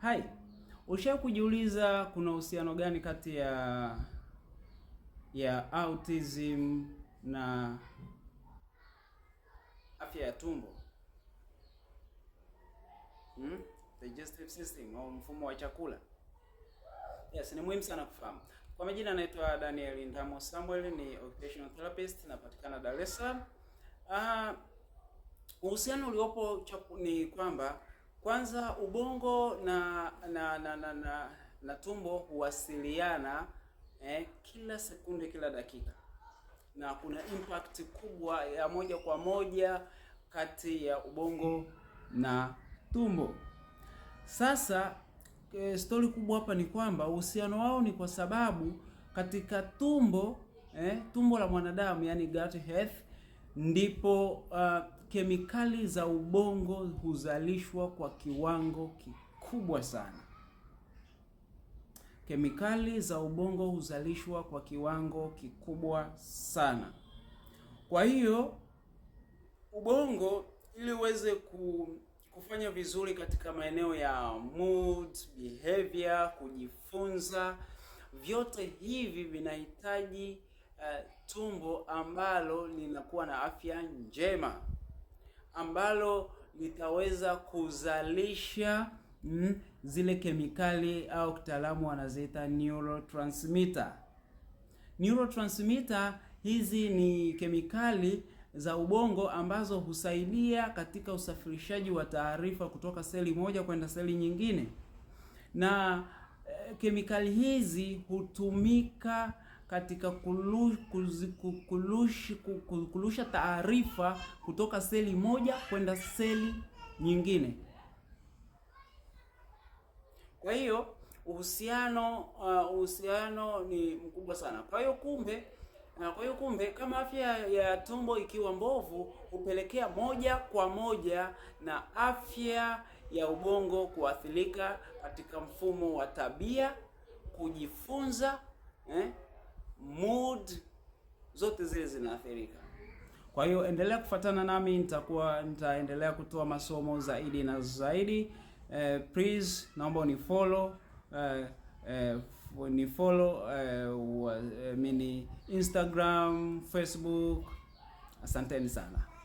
Hai, ushawahi kujiuliza kuna uhusiano gani kati ya ya autism na afya ya tumbo hmm? Digestive system au mfumo wa chakula? Yes, ni muhimu sana kufahamu. Kwa majina naitwa Daniel Ndamo Samuel, ni occupational therapist, napatikana Dar es Salaam. Ah, uhusiano uliopo ni kwamba kwanza ubongo na na na na, na, na tumbo huwasiliana eh, kila sekunde, kila dakika, na kuna impact kubwa ya moja kwa moja kati ya ubongo na tumbo. Sasa e, eh, stori kubwa hapa ni kwamba uhusiano wao ni kwa sababu katika tumbo eh, tumbo la mwanadamu yani gut health ndipo uh, kemikali za ubongo huzalishwa kwa kiwango kikubwa sana. Kemikali za ubongo huzalishwa kwa kiwango kikubwa sana. Kwa hiyo ubongo ili uweze kufanya vizuri katika maeneo ya mood, behavior, kujifunza, vyote hivi vinahitaji uh, tumbo ambalo linakuwa na afya njema ambalo litaweza kuzalisha mm, zile kemikali au kitaalamu wanaziita neurotransmitter. Neurotransmitter hizi ni kemikali za ubongo ambazo husaidia katika usafirishaji wa taarifa kutoka seli moja kwenda seli nyingine, na e, kemikali hizi hutumika katika kulusha taarifa kutoka seli moja kwenda seli nyingine. Kwa hiyo uhusiano uh, uhusiano ni mkubwa sana. Kwa hiyo kumbe na uh, kwa hiyo kumbe, kama afya ya tumbo ikiwa mbovu hupelekea moja kwa moja na afya ya ubongo kuathirika katika mfumo wa tabia, kujifunza, eh? mood zote zile zinaathirika. Kwa hiyo endelea kufatana nami, nitakuwa nitaendelea kutoa masomo zaidi na zaidi. Eh, please naomba unifollow eh, eh, follow eh, eh, mini Instagram, Facebook. Asanteni sana.